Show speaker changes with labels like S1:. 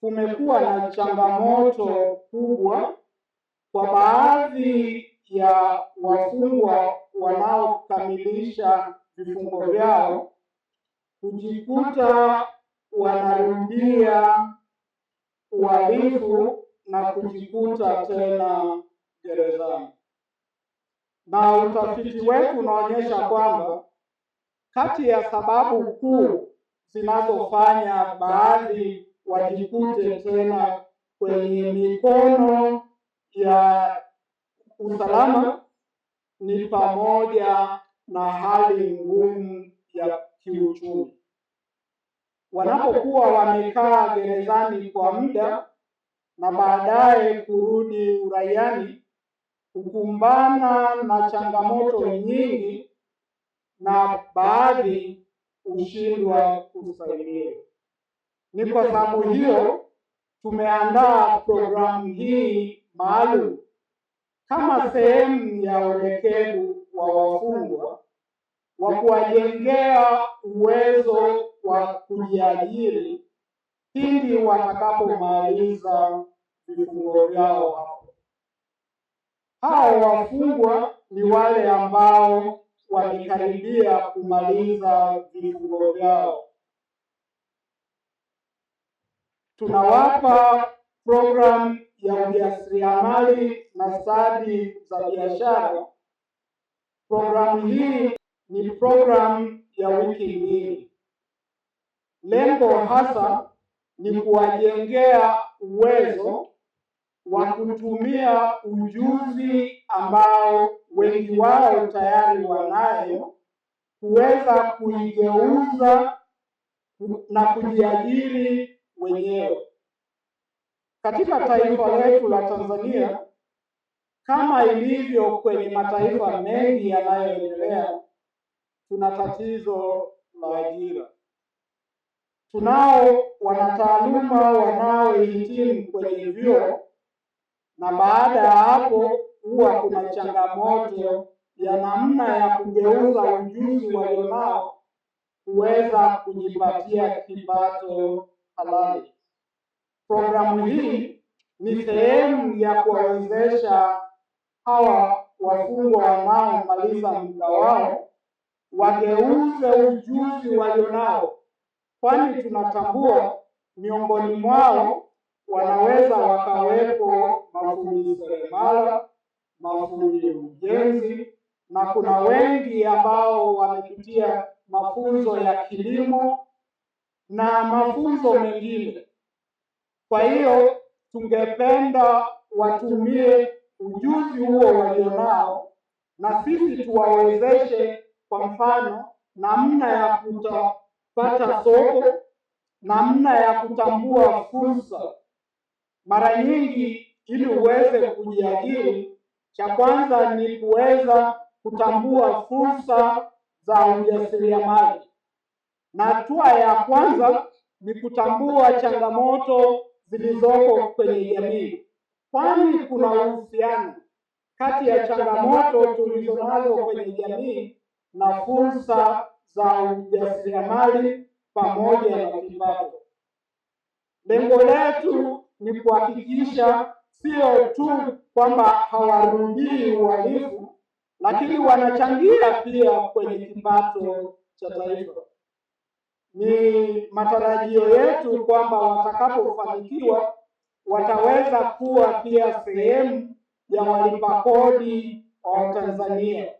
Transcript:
S1: kumekuwa na changamoto kubwa kwa baadhi ya wafungwa wanaokamilisha vifungo vyao kujikuta wanarudia uhalifu na kujikuta tena gerezani. Na utafiti wetu unaonyesha kwamba kati ya sababu kuu zinazofanya baadhi wajikute tena kwenye mikono ya usalama ni pamoja na hali ngumu ya kiuchumi. Wanapokuwa wamekaa gerezani kwa muda na baadaye kurudi uraiani, hukumbana na changamoto nyingi na baadhi hushindwa kustahimili. Ni kwa sababu hiyo tumeandaa programu hii maalum kama sehemu ya uelekevu wa wafungwa wa kuwajengea uwezo wa kujiajiri pindi watakapomaliza vifungo vyao. Hapo hao wafungwa ni wale ambao walikaribia kumaliza vifungo vyao. tunawapa programu ya ujasiriamali na stadi za biashara. Programu hii ni programu ya wiki mbili. Lengo hasa ni kuwajengea uwezo wa kutumia ujuzi ambao wengi wao tayari wanayo kuweza kuigeuza na kujiajiri wenyewe. Katika taifa letu la Tanzania, kama ilivyo kwenye mataifa mengi yanayoendelea, tuna tatizo la ajira. Tunao wanataaluma wanaohitimu kwenye vyuo na baada ya hapo huwa kuna changamoto ya namna ya kugeuza ujuzi walionao kuweza kujipatia kipato halali. Programu hii ni sehemu ya kuwawezesha hawa wafungwa wanaomaliza muda wao wageuze ujuzi walionao, kwani tunatambua miongoni mwao wanaweza wakawepo mafundi seremala, mafundi ujenzi na kuna wengi ambao wamepitia mafunzo ya kilimo na mafunzo mengine. Kwa hiyo tungependa watumie ujuzi huo walionao, na sisi tuwawezeshe, kwa mfano namna ya kutapata soko, namna ya kutambua fursa. Mara nyingi ili uweze kujiajiri, cha kwanza ni kuweza kutambua fursa za ujasiriamali na hatua ya kwanza ni kutambua changamoto zilizoko kwenye jamii, kwani kuna uhusiano kati ya changamoto tulizonazo kwenye jamii na fursa za ujasiriamali pamoja na kipato. Lengo letu ni kuhakikisha sio tu kwamba hawarudii uhalifu, lakini wanachangia pia kwenye kipato cha taifa. Ni matarajio yetu kwamba watakapofanikiwa wataweza kuwa pia sehemu ya walipa kodi wa Tanzania.